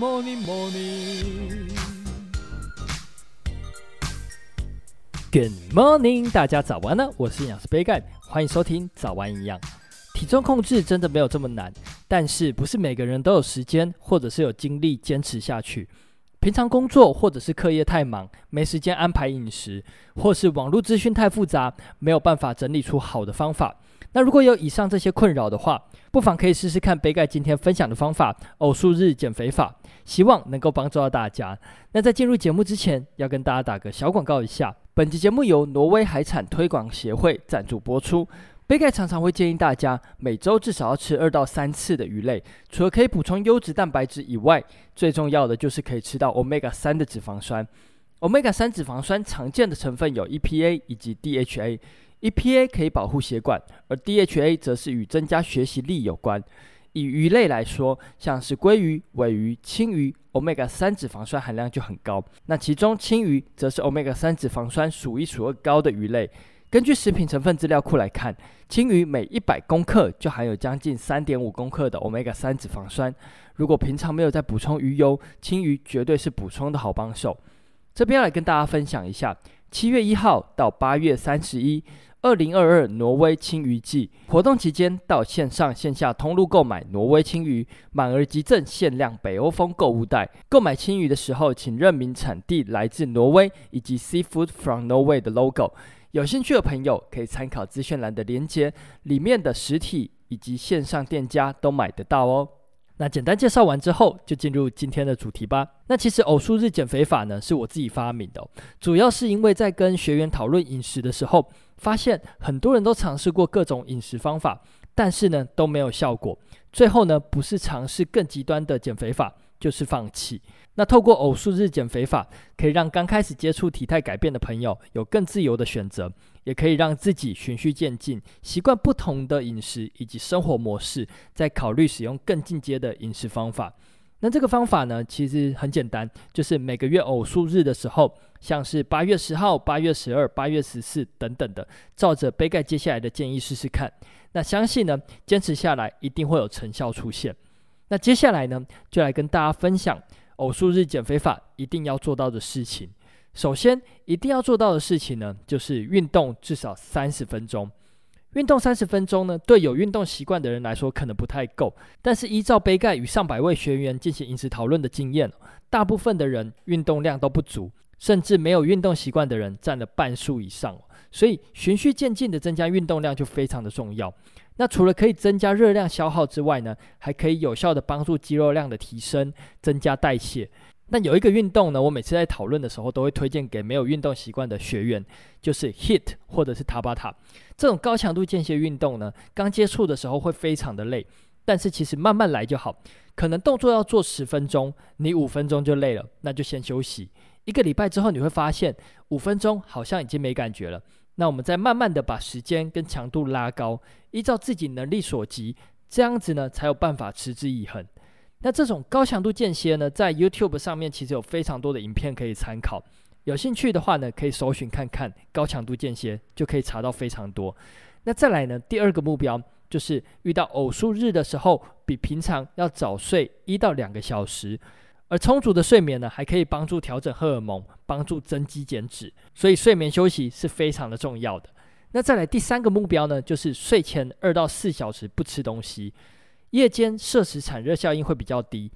Morning, morning. Good morning，, Good morning 大家早安呢！我是營養師杯蓋，歡迎收聽早安營養。體重控制真的沒有這麼難，但是不是每個人都有時間，或者是有精力堅持下去。平常工作或者是課業太忙，沒時間安排飲食，或是網絡資訊太複雜，沒有辦法整理出好的方法。那如果有以上這些困擾的話，不妨可以試試看杯蓋今天分享的方法——偶數日減肥法，希望能夠幫助到大家。那在進入節目之前，要跟大家打個小廣告一下，本集節目由挪威海產推廣協會贊助播出。杯蓋常常會建議大家每周至少要吃二到三次的魚類，除了可以補充優質蛋白質以外，最重要的就是可以吃到 Omega 三的脂肪酸。Omega 三脂肪酸常見的成分有 EPA 以及 DHA，EPA 可以保護血管，而 DHA 則是與增加學習力有關。以魚類來說，像是鮭魚、鮪魚、鯖魚、魚，Omega 三脂肪酸含量就很高。那其中鯖魚則是 Omega 三脂肪酸數一數二高的魚類。根據食品成分資料庫來看，鯖魚，每一百公克就含有將近三點五公克的 Omega 三脂肪酸。如果平常沒有在補充魚油，鯖魚絕對是補充的好幫手。這邊來跟大家分享一下，七月一號到八月三十一，二零二二挪威鯖魚季活動期間，到線上線下通路購買挪威鯖魚，滿額即贈限量北歐風購物袋。購買鯖魚的時候，請認明產地來自挪威以及 Seafood from Norway 的 logo。有興趣的朋友可以參考資訊欄的連結，裡面的實體以及線上店家都買得到哦。那簡單介紹完之後，就進入今天的主題吧。那其實偶數日減肥法呢，是我自己發明的哦，主要是因為在跟學員討論飲食的時候，發現很多人都嘗試過各種飲食方法，但是呢都沒有效果，最後呢不是嘗試更極端的減肥法，就是放棄。那透過偶數日減肥法，可以讓剛開始接觸體態改變的朋友有更自由的選擇，也可以讓自己循序漸進，習慣不同的飲食以及生活模式，再考慮使用更進階的飲食方法。那這個方法呢，其實很簡單，就是每個月偶數日的時候，像是八月十號、八月十二、八月十四等等的，照着杯蓋接下來的建議試試看。那相信呢，堅持下來一定會有成效出現。那接下來呢，就來跟大家分享。偶數日減肥法一定要做到的事情，首先一定要做到的事情呢，就是運動至少三十分鐘。運動三十分鐘呢，對有運動習慣的人來說可能不太夠，但是依照杯蓋與上百位學員進行飲食討論的經驗，大部分的人運動量都不足。甚至沒有運動習慣的人佔了半數以上，所以循序漸進的增加運動量就非常的重要。那除了可以增加熱量消耗之外呢，還可以有效地幫助肌肉量的提升，增加代謝。那有一個運動呢，我每次在討論的時候都會推薦給沒有運動習慣的學員，就是 HIIT 或者是塔巴塔這種高強度間歇運動呢。剛接觸的時候會非常的累，但是其實慢慢來就好。可能動作要做十分鐘，你五分鐘就累了，那就先休息。一個禮拜之後，你會發現五分鐘好像已經沒感覺了。那我們再慢慢的把時間跟強度拉高，依照自己能力所及，這樣子呢才有辦法持之以恆。那這種高強度間歇呢，在 YouTube 上面其實有非常多的影片可以參考。有興趣的話呢，可以搜尋看看高強度間歇，就可以查到非常多。那再來呢，第二個目標就是遇到偶數日的時候，比平常要早睡一到兩個小時。而充足的睡眠呢，還可以幫助調整荷爾蒙，幫助增肌減脂，所以睡眠休息是非常的重要的。那再來第三個目標呢，就是睡前二到四小時不吃東西，夜間攝食產熱效應會比較低。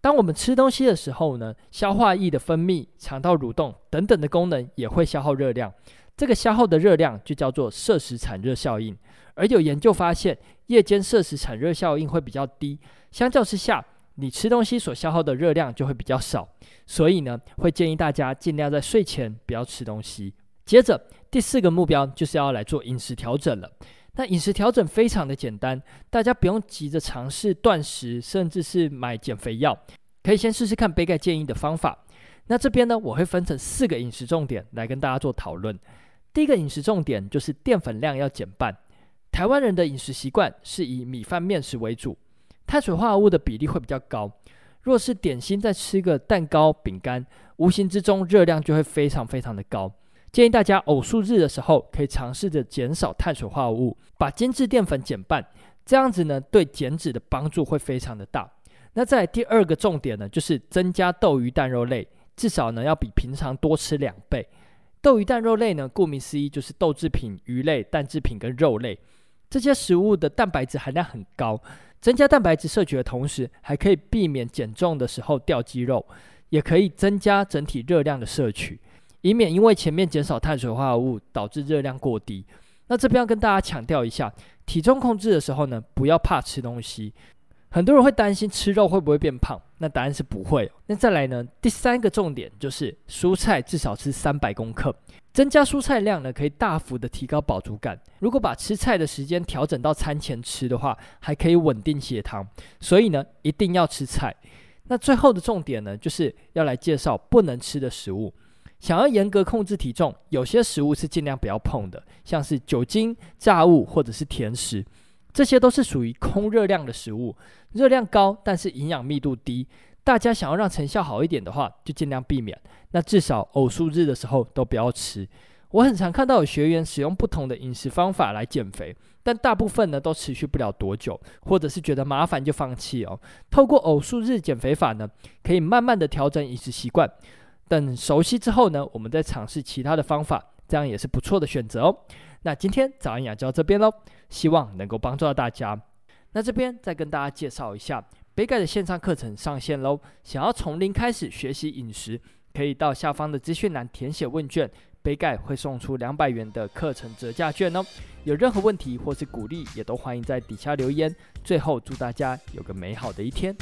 當我們吃東西的時候呢，消化液的分泌、腸道蠕動等等的功能也會消耗熱量，這個消耗的熱量就叫做攝食產熱效應。而有研究發現，夜間攝食產熱效應會比較低，相較之下。你吃東西所消耗的熱量就會比較少，所以呢，會建議大家盡量在睡前不要吃東西。接着，第四個目標就是要來做飲食調整了。那飲食調整非常的簡單，大家不用急着嘗試斷食，甚至是買減肥藥，可以先試試看杯蓋建議的方法。那這邊呢，我會分成四個飲食重點來跟大家做討論。第一個飲食重點就是澱粉量要減半。台灣人的飲食習慣是以米飯、麵食為主。碳水化合物的比例會比較高。若是點心再吃個蛋糕、餅乾，無形之中熱量就會非常非常的高。建議大家偶數日的時候，可以嘗試着減少碳水化合物，把精製澱粉減半，這樣子呢，對減脂的幫助會非常的大。那在第二個重點呢，就是增加豆魚蛋肉類，至少呢要比平常多吃兩倍。豆魚蛋肉類呢，顧名思義就是豆製品、魚類、蛋製品跟肉類，這些食物的蛋白質含量很高。增加蛋白質攝取的同時，還可以避免減重的時候掉肌肉，也可以增加整體熱量的攝取，以免因為前面減少碳水化合物導致熱量過低。那這邊要跟大家強調一下，體重控制的時候呢，不要怕吃東西。很多人會擔心吃肉會不會變胖，那答案是不會。那再來呢？第三個重點就是蔬菜至少吃三百公克，增加蔬菜量呢，可以大幅的提高飽足感。如果把吃菜的時間調整到餐前吃的話，還可以穩定血糖。所以呢，一定要吃菜。那最後的重點呢，就是要來介紹不能吃的食物。想要嚴格控制體重，有些食物是盡量不要碰的，像是酒精、炸物或者是甜食。這些都是屬於空熱量的食物，熱量高，但是營養密度低。大家想要讓成效好一點的話，就盡量避免。那至少偶數日的時候都不要吃。我很常看到有學員使用不同的飲食方法來減肥，但大部分呢都持續不了多久，或者是覺得麻煩就放棄哦。透過偶數日減肥法呢，可以慢慢的調整飲食習慣。等熟悉之後呢，我們再嘗試其他的方法，這樣也是不錯的選擇哦。那今天早安營養就到這邊嘍，希望能夠幫助到大家。那這邊再跟大家介紹一下杯蓋的線上課程上線嘍，想要從零開始學習飲食，可以到下方的資訊欄填寫問卷，杯蓋會送出兩百元的課程折價券哦。有任何問題或是鼓勵，也都歡迎在底下留言。最後祝大家有個美好的一天。